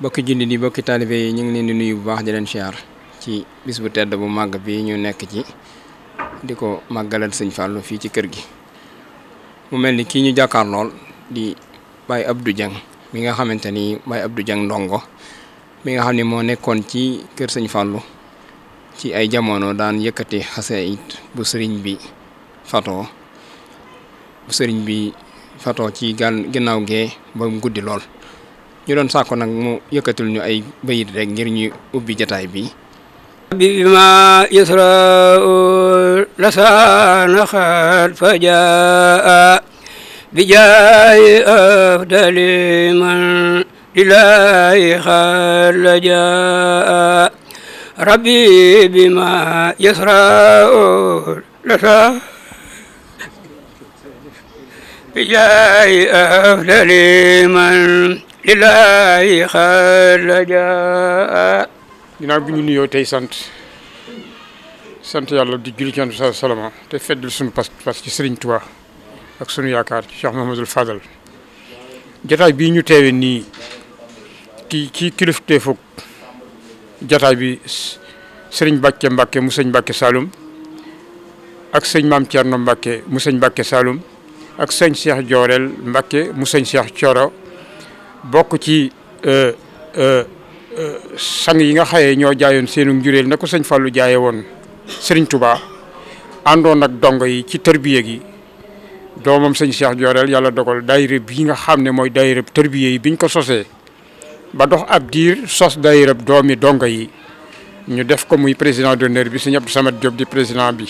bokki jullit yi bokki taalibe yi ñu ngi leen di nuyu bu baax di leen siyaar ci bis bu tedd bu màgg bi ñu nekk ci di ko màggalal sëñ fàllu fii ci kër gi mu mel ni kii ñu jàkkaar lool di ab du Dieng mi nga xamante ni ab Abdou Dieng ndongo mi nga xam ni moo nekkoon ci kër sëñ fàllu ci ay jamono daan yëkkati xasaayid bu sëriñ bi fatoo bu sëriñ bi fatoo ci gan ginnaaw gee ba mu guddi lool ñu doon sàkku nag mu yëkkatul ñu ay bayit rek ngir ñu ubbi jataay bi bi ma yasrau lasaanaxat fa jaa bi jaay afdali man lilahi xaat la jaa rabbi bi ma yasrau lillahi xalaja ginnaaw bi ñu nuyoo tey sant sant yàlla di julli ci Yonent bi salama te feddal suñu pas pas ci Sëriñ Tuubaa ak suñu yaakaar ci Cheikh Mahamadul Fadal jataay bii ñu teewe nii ci ci kilifte foog jataay bi sëriñ Mbàkke mbakke mu sëñ Mbàkke Saloum ak sëñ Maam Thierno Mbàkke mu sëñ Saloum ak sëñ Cheikh Jooreel Mbàkke mu sëñ Cheikh Thioro bokk ci euh, euh, euh, sang yi nga xaye ñoo jaayoon seenu njureel na ko sëñ Fallou jaaye woon sëriñ Touba àndoon ak dongo yi ci tërbiye gi doomam sëñ Cheikh Diorel yàlla dogal daayira bi nga xam ne mooy daayira tërbiye yi biñ ko sosee ba dox ab diir sos daayira doomi dongo yi ñu def ko muy président d'honneur bi sëñ Abdou Samad Diop di président bi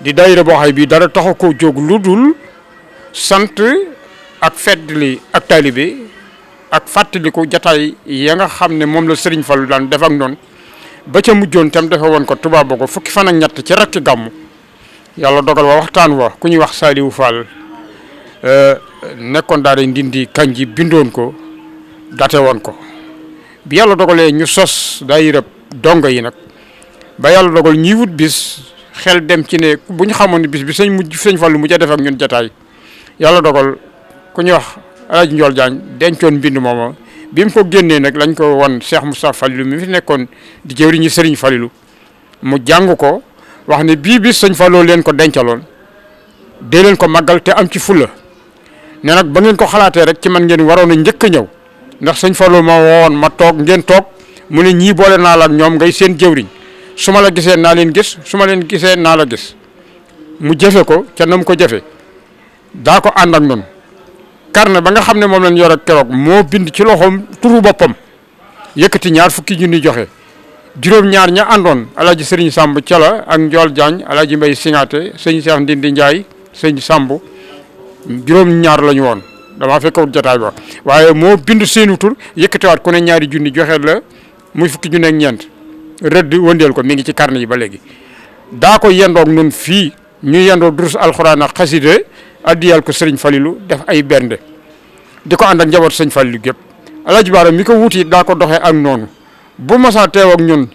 di daayira boo xay bi dara taxu ko jóg lu dul sant ak fedd li ak taalibe ak fàttaliku jataay ya nga xam ne moom la Serigne Fallou daan def ak noonu ba ca mujjoon tam defe woon ko tubaab ko fukki fan ak ñett ci rakki gàmmu yàlla dogal wa waxtaan wa ku ñuy wax Saliou Fall euh, nekkoon daal di ndindi kanji bindoon ko date woon ko bi yàlla dogalee ñu sos daayira dongo yi nag ba yàlla dogal ñiy wut bis xel dem ci ne bu ñu xamoon ne bis bi sëñ mujj sëñ Fallou mu ca def ak ñun jataay yàlla dogal ku ñuy wax alaaj njool jaañ dencoon mbind mooma bi mu ko génnee nag lañ ko won Cheikh Moussa Falilou mi fi nekkoon di jëwriñu Serigne Falilou mu jàng ko wax ne bii bis sëñ Falilou leen ko dencaloon dee leen ko màggal te am ci fulla ne nag ba ngeen ko xalaatee rek ci man ngeen waroon a njëkk a ñëw ndax sëñ Falilou ma woon ma toog ngeen toog mu ne ñii boole naa la ñoom ngay seen jëwriñ su ma la gisee naa leen gis su ma leen gisee naa la gis mu jëfe ko ca na ko jëfe daa ko ànd ak carnet ba nga xam ne moom la yor ak keroog moo bind ci loxoom turu boppam yëkkati ñaar fukki junni joxe juróom-ñaar ña àndoon alaaji sëriñ Samb cala ak Ndiol Diagne alaaji Mbay Singaate sëñ Cheikh Ndindi Ndiaye sëñ Samb juróom-ñaar la ñu woon damaa fekkawut jotaay ba waaye moo bind seenu tur yëkkatiwaat ku ne ñaari junni joxe la muy fukki junni ak ñeent rëdd wëndeel ko mi ngi ci carnet yi ba léegi daa ko yendoog nun fii ñu yendoo durus alxuraan addiyal ko sëriñ Falilou def ay bernde di ko ànd ak njaboot sëñ Falilou gépp Alaaji Baara mi ko wuuti daa ko doxee ak noonu bu masaa teew ak ñun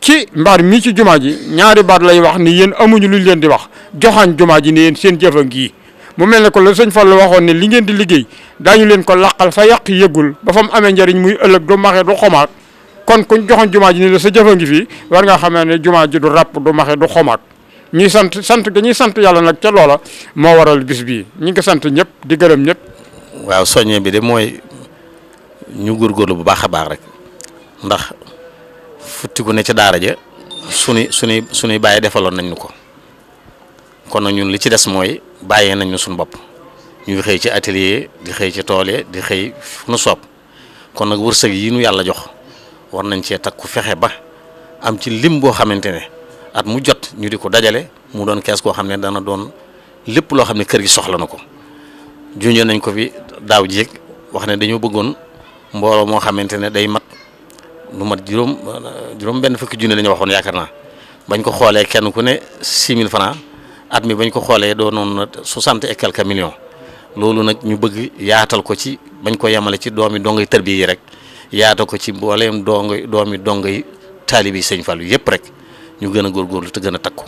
ci mbaar mii ci jumaa ji ñaari baat lay wax ni yéen amuñu luñ leen di wax joxaañ jumaa ji ni yéen seen jëf a ngi mu mel ne ko la sëñ Fallu waxoon ne li ngeen di liggéey daañu leen ko laqal fa yàq yëgul ba fa mu amee njariñ muy ëllëg du maxe du xomaat kon kuñ joxoon jumaa ji ni la sa jëf a war nga xamee ne jumaa ji du ràpp du maxe du xomaat ñuy sant sant ga ñuy sant yàlla nag ca loola moo waral bis bii ñi ngi ko sant ñëpp di gërëm ñëpp. waaw soññe bi de mooy ñu góor góorgóorlu bu baax a baax rek ndax futti na ne ci daara ja suñu suñuy suñuy bàyyi defaloon nañ ñu ko kon nag ñun li ci des mooy bàyyee nañ ñu suñu bopp ñuy xëy ci atelier di xëy ci tool di xëy fu nu soob kon nag wërsëg yi nu yàlla jox war nañ cee takku fexe ba am ci lim boo xamante ne. at mu jot ñu di ko dajale mu doon kees koo xam ne doon lépp loo xam ne kër gi soxla na ko junjoon nañ ko fi daaw jéeg wax ne dañoo bëggoon mbooloo moo xamante ne day mat lu mat juróom juróom fukki junne la waxoon yaakaar naa bañ ko xoolee kenn ku ne six mille francs at mi bañ ko xoolee doonoon na soixante et quelques million loolu nag ñu bëgg yaatal ko ci bañ ko yemale ci doomi dongay tërbiye yi rek yaatal ko ci mbooleem dongay doomi dongay taalibi sëñ Fallu yëpp rek ñu gën a góorgóorlu te gën a takku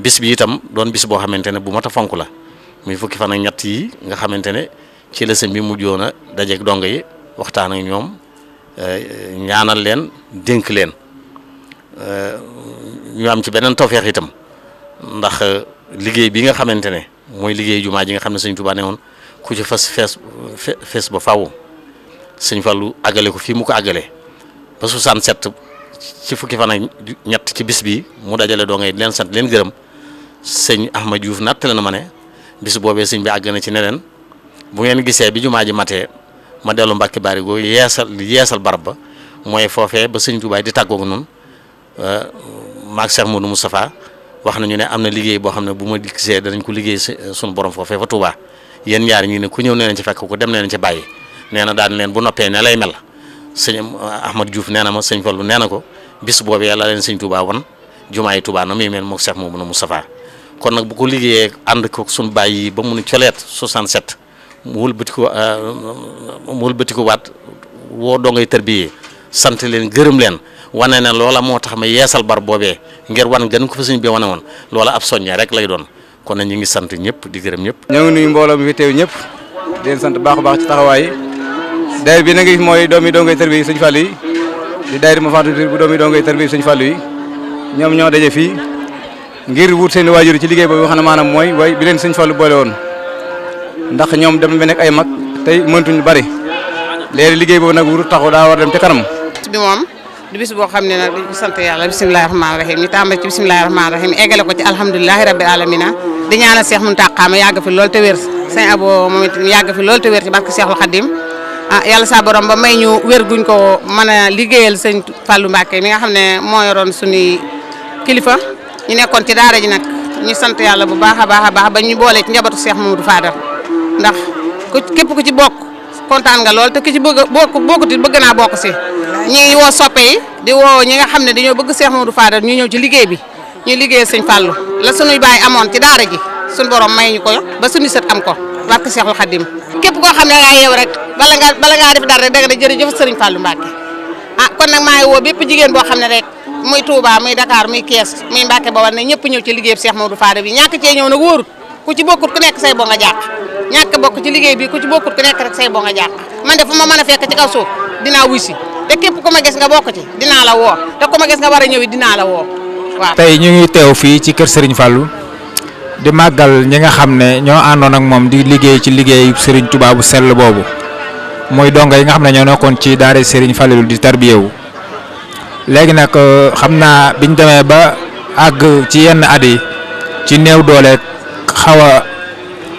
bis bi itam doon bis boo xamante ne bu mat fonk la muy fukki fan a ñett yi nga xamante ne ci la sëñ bi mujjoon a dajeeg dong yi waxtaan a ñoom eh, ñaanal leen dénk leen eh, ñu am ci beneen tawfeex itam ndax eh, liggéey bi nga xamante ne mooy liggéey jumaa ji nga xam ne sëñ Tuubaa ne woon ku ci fas fees fees ba faaw sëñ Fallu àggale ko fii mu ko àggale ba 67 ci fukki fan ñett ci bis bi mu dajale doo ngay leen sant leen gërëm sëñ Ahmad Diouf nattale na ma ne bis boobee sëñ bi àgg na ci ne leen bu ngeen gisee bi jumaa ji matee ma dellu Mbàkke Bari googu yeesal yeesal barab ba mooy foofee ba sëñ Tuubaa di tàggoog noonu maak Cheikh mu safaa wax nañu ne am na liggéey boo xam ne bu ma gisee danañ ko liggéey eh, suñu borom foofee fa Tuubaa yéen ñaar ñi ne ku ñëw nee nañ ci fekk ko dem nee nañ ci bàyyi nee na daan leen bu noppee ne lay mel. sëñ Ahmad Diouf nee na ma sëñ Fallu nee ko bis boobu yàlla leen sëñ Touba wan jumaayi Touba na muy mel moog Cheikh Mouhamadou Moustapha kon nag bu ko liggéeyee ànd ko suñu bàyyi yi ba mu nu coleet 67 mu wëlbati ko euh, mu wëlbati ko waat woo dongay tërbiyee sant leen gërëm leen wane na loola moo tax ma yeesal bar boobee ngir wan gën ko fa sëñ bi wane woon loola ab soññee rek lay doon kon nag ñu ngi sant ñëpp di gërëm ñëpp. ñoo ngi mbooloo mi fi teew ñëpp leen sant baax baax ci taxawaay daayira bi na nga gis mooy doomi dongay tërbi yi sëñ Fall yi di daayira ma fàttali bu doomi dongay tërbi yi sëñ Fall yi ñoom ñoo daje fii ngir wut seen waajur ci liggéey boobu wax na maanaam mooy way bi leen sëñ Fall boole woon ndax ñoom dem ba nekk ay mag tey mëntuñu bari léegi liggéey boobu nag wuru taxu daa war dem ca kanam bis bi moom du bis boo xam ne nag dañ ko sant yàlla bisimilahi rahmaani rahim ñu tàmbal ci bisimilahi rahmaani rahim eggale ko ci alhamdulilahi rabbil alamina di ñaanal Seex Muntaxa ma yàgg fi loolu te wér sëñ Abo moom it yàgg fi loolu te wér ci ah yàlla saa borom ba may ñu wér guñ ko mën a liggéeyal sëñ fallu Mbacke mi nga xam ne moo yoroon suñuy kilifa ñu nekkoon ci daara ji nag ñu sant yàlla bu baax a baax a baax ba ñu boolee ci njabootu Cheikh Mamadou Fadal ndax ku képp ku ci bokk kontaan nga lool te ki ci bëgg a bokk bokkuti bëgg naa bokk si ñu ngi woo soppe yi di woo ñi nga xam ne dañoo bëgg Cheikh Mamadou Fadal ñëw ci liggéey bi ñu liggéeyal sëñ Fallou la suñuy baay amoon ci daara ji suñ borom may ñu ko ba suñu sët am ko barke Cheikhul Khadim képp koo xam ne yow rek bala ngaa bala ngaa def dara rek danga ne jërëjëf sëriñ Fallou Mbacke ah kon nag maa woo bépp jigéen boo xam ne rek muy Touba muy Dakar muy Kees muy Mbacke ba war ne ñëpp ñëw ci liggéey bi Cheikh Maodo Fada bi ñàkk cee ñëw nag wóorut ku ci bokkut ku nekk say bo bokk ci liggéey bi ku ci bokkut ku nekk rek say bo nga jàq man de fu ma mën a fekk ci kaw suuf dinaa te képp ku ma gis nga bokk ci dinaa la woo te ko ma gis nga war a ñëw dinaa la woo waaw. tey ñu ngi teew fii ci kër Serigne Fallou di màggal ñi nga xam ne ñoo àndoon ak moom di liggéey ci liggéey Serigne Touba bu sell boobu mooy donga yi nga xam ne ñoo nekkoon ci daara Serigne Fallilou di tarbiyewu léegi nag euh, xam naa biñ demee ba àgg ci yenn at ci néew doole xaw a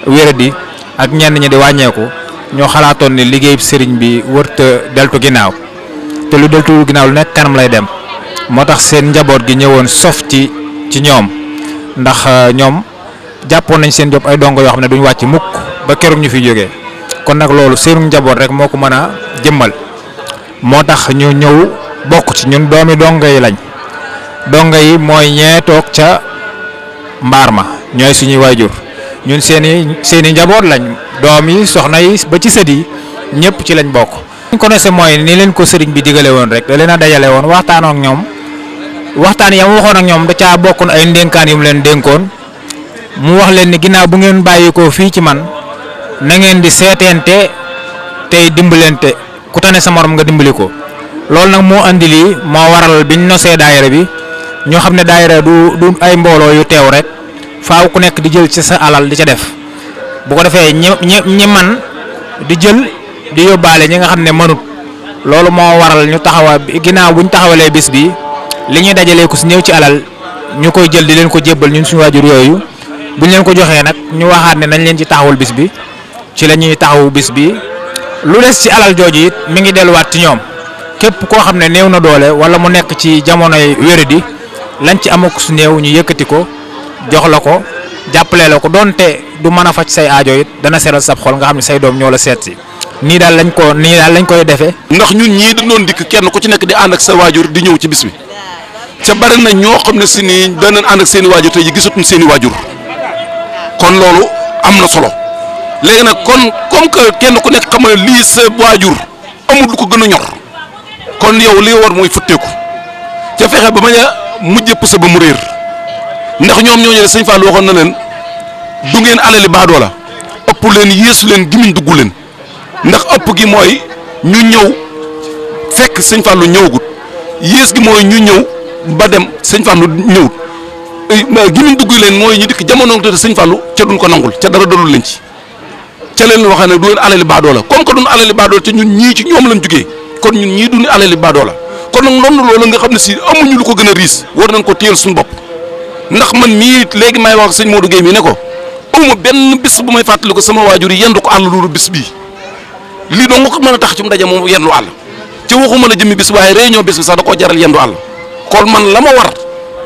wéradi ak ñenn ñi di wàññeeku ñoo xalaatoon ni liggéeyub sëriñ bi wërta deltu ginnaaw te lu deltu ginnaaw lu nekk kanam lay dem moo tax seen njaboot gi ñëwoon sof ci ci ñoom ndax euh, ñoom jàppoon nañ seen job ay dongo yoo xam ne duñu wàcc mukk ba keroog ñu fi jóge kon nag loolu seenu njaboot rek moo ko mën a jëmmal moo tax ñu ñëw bokk ci ñun doomi dongo yi lañ dongo yi mooy ñee toog ca mbaar ma ñooy suñuy waajur ñun seeni seeni njaboot lañ doom yi soxna yi ba ci sët yi ñëpp ci lañ bokk. li ñu ko dese mooy ni leen ko sëriñ bi digale woon rek da leen a dajale woon waxtaan ñoom waxtaan ya mu waxoon ak ñoom da caa bokkoon ay ndénkaan yu leen dénkoon mu wax leen ni ginnaaw bu ngeen bàyyi ko fii ci man. na ngeen di seeteente tey dimbalante ku tane sa morom nga dimbali ko loolu nag moo indi lii moo waral biñ nosee daayira bi ñoo xam ne daayira du du ay mbooloo yu teew rek faaw ku nekk di jël ci sa alal di ca def bu ko defee ñi ñi man di jël di yóbbaale ñi nga xam ne mënut loolu moo waral ñu bi ginnaaw bu ñu taxawalee bis bi li ñuy dajalee ko si ñëw ci alal ñu koy jël di leen ko jébbal ñun suñu waajur yooyu bu ñu leen ko joxee nag ñu waxaat ne nañ leen ci taxawul bis bi ci la ñuy taxawu bis bi lu des ci alal jooju yit mi ngi delluwaat ci ñoom képp koo xam ne néew na doole wala mu nekk ci jamonoy wéradi lañ ci amuk su néew ñu yëkkati ko jox la ko jàppale la ko doonte du mën a faj say aajo it dana seral sab xol nga xam ne say doom ñoo la seet si nii daal lañ ko nii daal lañ koy defee. ndax ñun ñii dañ dikk kenn ku ci nekk di ànd ak sa waajur di ñëw ci bis bi ca bari na ñoo xam ne si nii danañ ànd ak seen i waajur te yi gisatuñ kon loolu am na solo. léegi nag kon comme que kenn ku nekk xam ne lii sa waajur amul lu ko gën a ñor kon yow li war mooy futteeku ca fexe ba bañ a mujj pusa ba mu réer ndax ñoo ñëwee sëñ waxoon na leen du ngeen alali baadoo la ëpp leen yéesu leen gimiñ dugg leen ndax ëpp gi mooy ñu ñëw fekk sëñ Fall ñëwagut yées gi mooy ñu ñëw ba dem sëñ Fall ñëwut gimiñ duggu leen mooy ñu dikk jamono te sëñ Fall ca duñ ko nangul ca dara dalul leen ci. ca leen waxee ne du leen alali baadoo la comme que duñ alali baadoo la te ñun ñii ci ñoom lañ jugee kon ñun ñii duñu alali baadoo la kon nga xam ne si amuñu lu ko gën a riis war nañ ko téyel suñu bopp ndax man mii léegi may wax sëñ Modou Guèye mii ne ko amuma benn bis bu may fàttali ko sama waajur yi yendu ko àll loolu bis bii lii doo nga ko mën a tax ci mu daje moom yendu àll ci waxuma la jëmmi bis waaye réunion bis bi sax koo jaral yendu àll kon man la ma war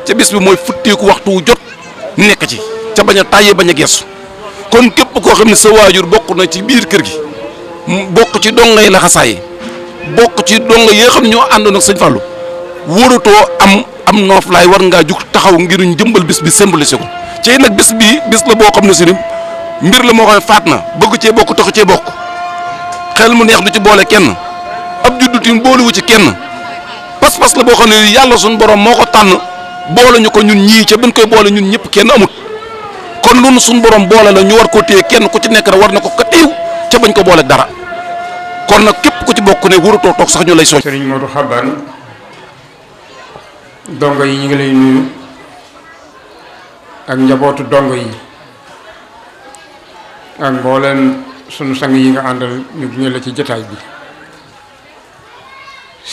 ca bis bi mooy futteeku waxtu wu jot nekk ci ca bañ a tàyyee bañ a geesu kon képp koo xam ne sa waajur bokk na ci biir kër gi bokk ci dongay laxasaay bokk ci donga yi xam ne ñoo àndoon ak sëñ Fallou warutoo am am noof laay war ngaa jug taxaw ngir ñu jëmbal bis bi symboliser ko ci nag bis bii bis la boo xam ne si ni mbir la moo xam ne faat na bëgg cee bokk taxu cee bokk xel mu neex du ci boole kenn ab juddu tim boolewu ci kenn pas-pas la boo xam ne yàlla suñu borom moo ko tànn boole ñu ko ñun ñii ca buñ koy boole ñun ñëpp kenn amut. kon lu nu suñ borom boole la ñu war koo téye kenn ku ci nekk rek war na ko ka téew ca bañ ko booleeg dara kon nag képp ku ci bokk ne warutoo toog sax ñu lay soñ Serigne Modou Xaban dongo yi ñu ngi lay nuyu ak njabootu dongo yi ak mbooleen sunu sang yi nga àndal ñu gunge la ci jataay bi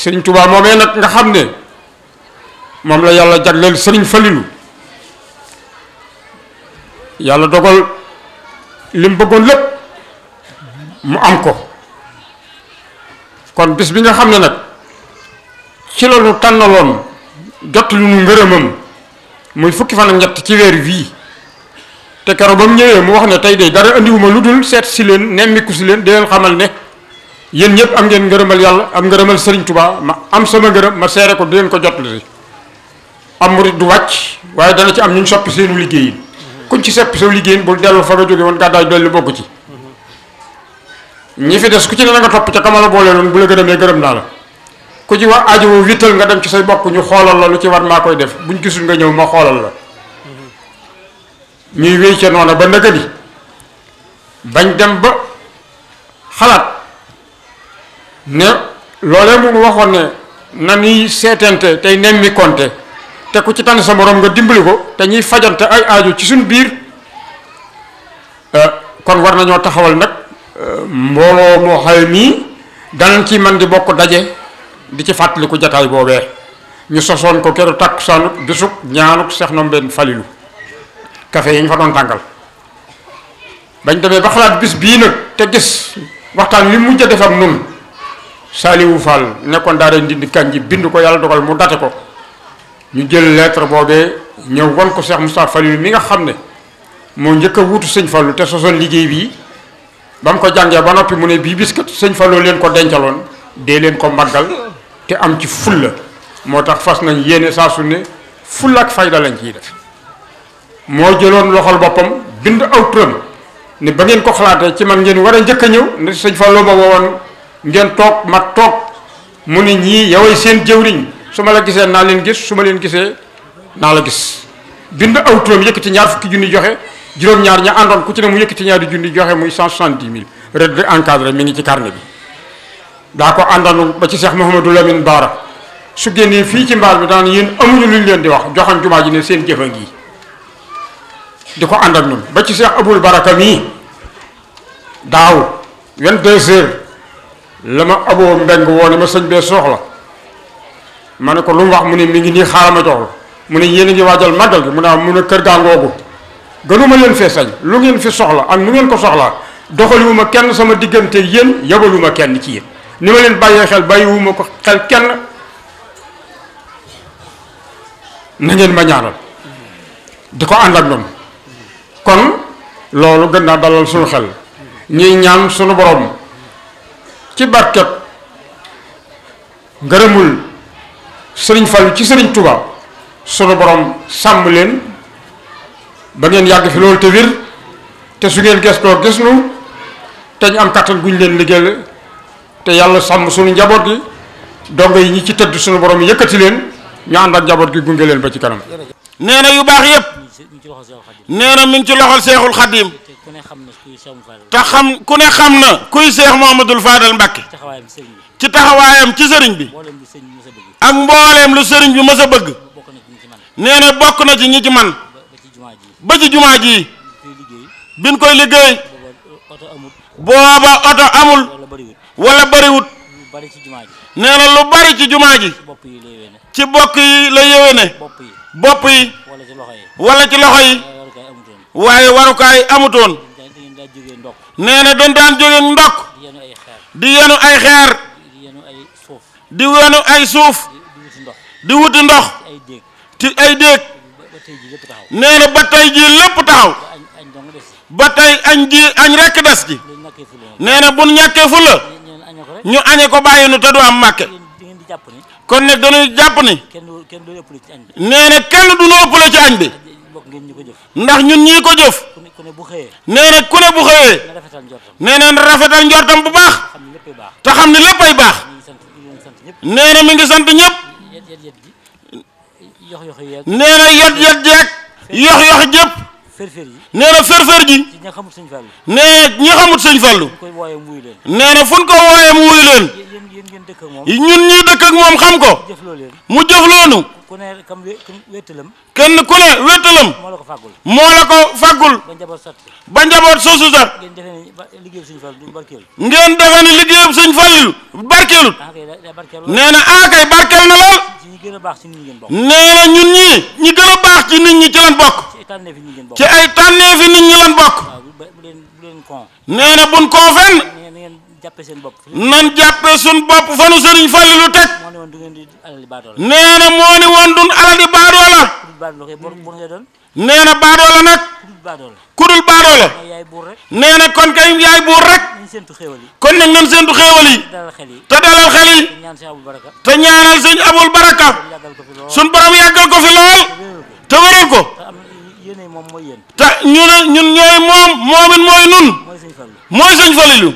Serigne Touba moomee nag nga xam ne moom la yàlla jagleel Serigne Falilou yàlla dogal li mu bëggoon lépp mu am ko kon bis bi nga xam ne nag ci la ñu tànnaloon jot lu ñu ngërëmam muy fukki fan ak ñett ci weer wii te keroog ba mu ñëwee mu wax ne tey de dara andiwuma lu dul seet si leen nemmiku si leen daleen leen xamal ne yéen ñëpp am ngeen ngërëmal yàlla am ngërëmal Sëriñ Tuubaa ma am sama ngërëm ma seere ko di ko jot li am murit du wàcc waaye dana ci am ñu soppi seenu liggéeyin kuñ ci sepp saw liggéey bul dellu fa nga jóge woon gàddaay dellu bokk ci ñi fi des ku ci ne na nga topp ca kamala boole loon bu la gërëmee gërëm naa la ku ci wax ajo woo wittal nga dem ci say bokk ñu xoolal la lu ci war maa koy def buñ gisul nga ñëw ma xoolal la ñuy wéy ca noona ba nëgëni bañ dem ba xalaat ne loolee mu waxoon ne na nuy seetante tey nemmi konte te ku ci tànn sa morom nga dimbali ko te ñuy fajante ay aaju ci suñu biir euh, kon war nañoo taxawal nag euh, mbooloo moo xay mii danañ ci man di bokk daje di ci fàttaliku jataay boobee ñu sosoon ko keru tàkkusaanuk bisub ñaanuk seex nombeen falilu kafe yi ñu fa doon tàngal bañ demee ba xalaat bis bii nag te gis waxtaan wi mujj a def ak nun nekkoon daa nekkoon daara Ndindi Kanji bind ko yàlla dogal mu date ko ñu jël lettre boobee ñëw won ko Cheikh Moustapha Falilou mi nga xam ne moo njëkk a wuutu sëñ Fallou te sosoon liggéey bii ba mu ko jàngee ba noppi mu ne bii biskat sëñ Fallou leen ko dencaloon dee leen ko màggal te am ci la moo tax fas nañ yéene saa su ne fulla ak fayda lañ ciy def moo jëloon loxol boppam bind aw turam ne ba ngeen ko xalaatee ci man ngeen war a njëkk a ñëw ne sëñ Fallou ma woowoon ngeen toog ma toog mu ne ñii yoway seen jëwriñ su ma la gisee naa leen gis su ma leen gisee naa la gis bind aw turam yëkkati ñaar fukki junni joxe juróom-ñaar ña àndoon ku ci ne mu yëkkati ñaari junni joxe muy cent soixante-dix mille rëdd encadré mi ngi ci carnet bi daa ko àndanu ba ci Cheikh Mouhamadou Lamine Bara su génnee fii ci mbaar mi daan yéen lu luñ leen di wax joxan jumaa ji ne seen jëfa ngi di ko ànd ak ñun ba ci Cheikh Aboul Baraka mii daaw 22 heures la ma aboo mbeng woo ne ma sëñ bee soxla ma ne ko lu mu wax mu ne mi ngi nii xaaral ma jox mu ne yéen a ngi waajal màggal gi mu ne ah mu ne kër gaa ngoogu gënuma leen fee sañ lu ngeen fi soxla ak nu ngeen ko soxlaa doxaliwuma kenn sama diggante yéen yabaluma kenn ci yéen ni ma leen bàyyee xel bàyyiwuma ko xel kenn na ngeen ma ñaanal di ko ànd ak ñoom kon loolu gën naa dalal suñu xel ñuy ñaan suñu boroom ci barket ngërëmul sëriñ Fallu ci sëriñ Touba sunu borom sàmm leen ba ngeen yàgg fi loolu te wér te su ngeen gestoo gis nu te ñu am kàttan ñu leen liggéeyal te yàlla sàmm sunu njaboot gi dongo yi ñi ci tëdd sunu borom yëkkati leen ñu ànd ak njaboot gi gunge leen ba ci kanam. nee na yu baax yëpp nee na mi ngi ci loxol seexul xadim te xam ku ne xam na kuy seex Muhammadul Faadal Mbàkke ci taxawaayam ci sëriñ bi ak mbooleem lu sëriñ bi ma a bëgg nee na bokk na ci ñi ci man ba ci jumaa ji biñ koy liggéey uh, booba oto amul wala bariwut nee na lu bari ci jumaa ji ci bokk yi la yéwéne bopp yi wala ci loxo yi waaye warukaay amutoon nee na doon daan jóge ndokk di yenu ay xeer di wenu ay suuf di wuti ndox ci ay déeg nee na ba tey jii lépp taxaw ba tey añ ji añ rekk des ji nee na bu ñàkkee fu la ñu añe ko bàyyi nu te du am màkke kon nag dañuy jàpp ni nee na kenn du nu ëppale ci añ bi ndax ñun ñii ko jëf nee na ku ne bu xëyee nee na rafetal njortam bu baax te xam ni léppay baax. nee na mi ngi sant ñëpp. nee na yat yat jeeg yox yox jëpp. nee na fër-fër ji. nee ña xamut sëñ Fallu. nee na fu ñu ko wooyee mu wuyu leen. ñun ñuy dëkk ak moom xam ko. mu jëfloonu. ku ne kam wéttalam kenn ku ne wéttalam moo la ko fàggul moo la ko fàggul ba njaboot sotti ba njaboot sosu sat ngeen defe ni liggéeyub suñ fal falilu barkeelu nee na ah, barkeel na lool ñi gën a ñi ñi gën a baax ci nit ñi ci lan bokk ci ay tànnee nit ñi lan bokk ah, nee na buñ jàppe seen bopp nan jàppe suñ bopp fanu sëriñ Fallilu teg nee na moo ni woon dun alali baadoola nee na baadoola nag kudul baadoola nee na kon kay yaay buur rek kon nag nan seentu xéewal yi te dalal xel yi te ñaanal sëñ abul baraka suñ borom yàggal ko fi lool te wéral ko te ñu ne ñun ñooy moom moomin mooy nun mooy sëñ Fallilu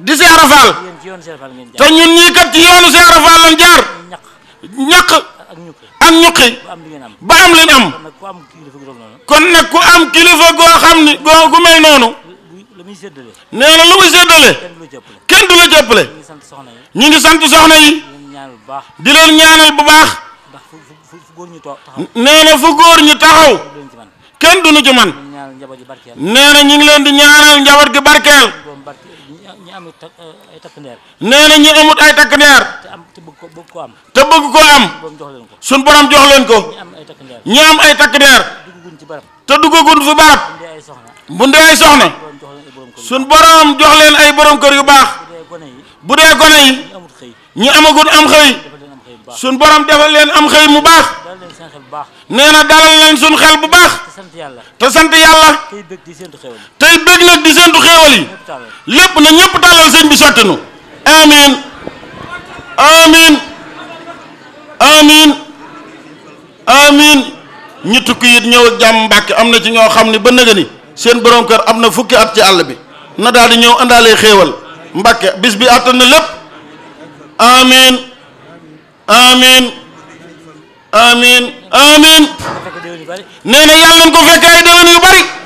di Cheikh Ibra Fall te ñun ñii kat ci yoonu Cheikh Ibra Fall lañ jaar ñaq ak ñuqi ba am li ñu am kon nag ku am kilifa goo xam ni goo gu mel noonu nee na lu muy séddale kenn du la jàppale ñu ngi sant soxna yi di leen ñaanal bu baax nee na fu góor ñu taxaw kenn du nu ci man nee na ñu ngi leen di ñaanal njaboot gi barkeel. ñi amut eh, ay takk ndeer. nee na ñi amut ay takk ndeer. te am te bëgg ko bëgg ko am. te bëgg ko am. borom jox leen ko. suñ borom jox leen ko. ñi am ay takk ndeer. ñi am ay takk ndeer. duggagun ci barab. te duggagun fi barab. bu ndee ay soxna. bu ndee ay soxna. suñ borom jox leen ay borom kër yu baax. bu dee gone yi. bu dee gone yi. ñi amagul am xëy. suñ borom defal leen am xëy mu baax nee na dalal leen suñ xel bu baax te sant yàlla tey bëgg nag di séentu xéewal yi lépp na ñëpp tàllal sëñ bi sottinu amiin amiin amiin amiin ñu tukki it ñëw ak jàmm mbàkke am na ci ñoo xam ne ba nëga seen borom kër am na fukki at ci àll bi na daal di ñëw àndaalee xéewal mbàkke bis bi àttan na lépp amiin amiin amiin amiin nee na yàlla nañ ko fekk ay déwén yu bari